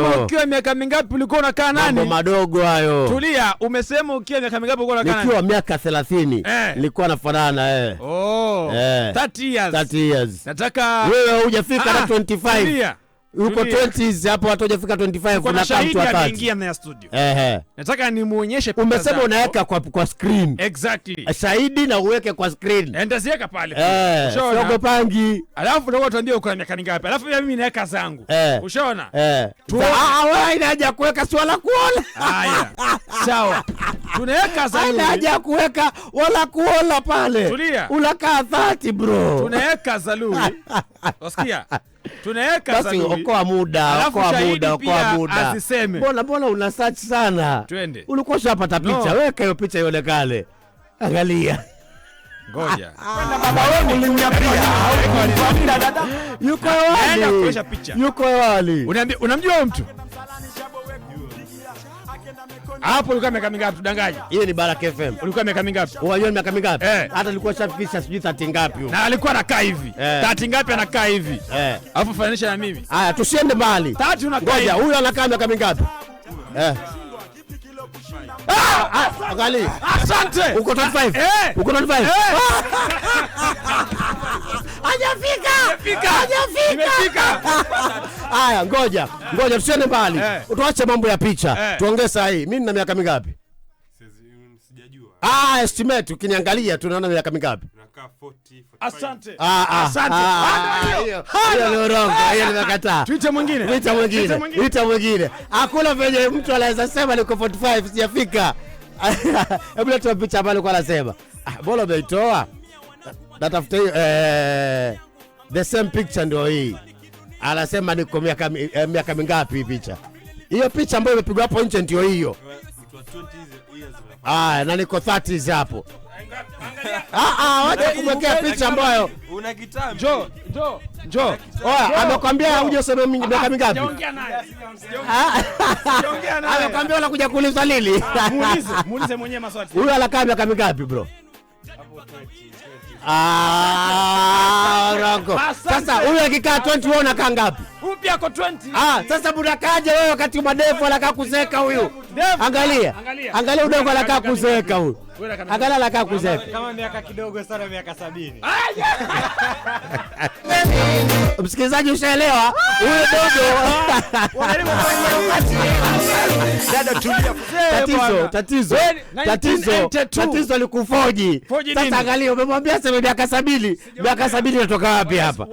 umesema ukiwa miaka mingapi ulikuwa unakaa nani? Mambo madogo hayo. Tulia, umesema ukiwa miaka mingapi ulikuwa unakaa nani? Nikiwa miaka 30. eh, Nilikuwa nafanana na eh. Oh. Eh. 30 years. 30 years. Nataka wewe hujafika na 25. Ah, tulia. Uko 20s hapo watu hajafika 25 na shahidi aliingia ndani ya studio. Ehe. Nataka nimuonyeshe picha. Umesema unaweka kwa kwa screen. Exactly. Eh, shahidi na uweke kwa screen. Enda eh, ziweka pale. Eh, Ushaona. Sio pangi. Alafu ndio tuambie uko na miaka ngapi Alafu mimi naweka zangu. Ushaona? Eh. Ah, ah, wewe inaja kuweka swala kuona Haya. Sawa. Tunaweka zangu. Inaja kuweka wala kuona pale. Tulia. Unakaa 30 bro. Tunaweka zaluri. Wasikia? tunaweka basi, okoa muda, okoa muda, okoa muda. Asiseme mbona mbona una search sana, twende. Ulikuwa ushapata picha, weka hiyo picha ionekane, angalia Ngoja. Yuko wali. Unamjua mtu? Hapo ulikuwa miaka mingapi tudanganye? Hiyo ni Baraka FM. Ulikuwa miaka mingapi? Unajua miaka mingapi? Eh. Hata alikuwa shafikisha sijui 30 ngapi huko. Na alikuwa anakaa hivi. 30 eh. ngapi anakaa hivi. Eh. Alafu fananisha na mimi. Haya tusiende mbali. 30 unakaa. Ngoja huyu anakaa miaka mingapi? Eh. Ah! Ah, angalia. Asante. Uko 25. Uko 25. Ah! Hajafika. Hajafika. Hajafika. Aya, ngoja ngoja, tusiende mbali, eh. tuache mambo ya picha, eh. tuongee saa hii. Mimi nina miaka mingapi? Mm, ah, estimate ukiniangalia tu naona miaka mingapi? Asante. Ah, ah, asante. Ah, ah, hiyo ni urongo, hiyo mwingine. Tuite mwingine. Tuite mwingine. Hakuna venye mtu anaweza sema niko 45 sijafika. Hebu leta picha ambayo alikuwa anasema. Ah, bora umeitoa. Natafuta hiyo eh the same picture ndio hii anasema niko miaka eh, miaka mingapi hii picha? Hiyo picha ambayo imepigwa hapo nje ndio hiyo. Ah, na niko 30 hapo. Ah ah, waje kumwekea picha ambayo una kitambi. Njoo, njoo, njoo. Oya, amekwambia uje useme miaka ah, mingapi? Sijaongea naye. Sijaongea naye. Ah. Amekwambia unakuja kuuliza lili. Ah, muulize, muulize mwenyewe maswali. Huyu anakaa miaka mingapi bro? Ah yako. Sasa huyu akikaa 20 wewe unakaa ngapi? Hupi yako 20. Ah, sasa kaje wewe wakati madefu anakaa kuzeeka huyu. Angalia. Angalia udogo anakaa kuzeeka huyu akalala kakuze kama miaka kidogo sana, miaka sabini. Msikilizaji, ushaelewa huyo dogo. Tatizo likufoji sasa. Angalia, umemwambia sema miaka sabini, miaka sabini inatoka wapi hapa?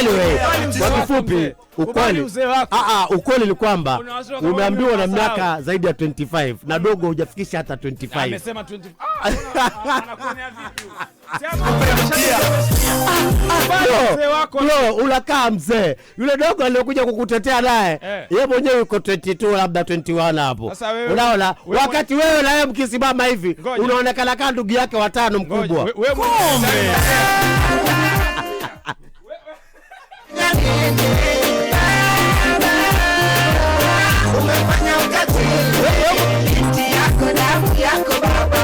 Anyway, kwa kifupi ukweli ah, ah, ukweli ni kwamba umeambiwa na miaka zaidi ya 25 na dogo hujafikisha haijalishi hata 25. Amesema Unakaa mzee yule dogo aliokuja kukutetea naye ye mwenyewe yuko 22 labda 21 hapo, unaona wakati wewe na mkisimama hivi unaonekana kaa ndugu yake watano mkubwa.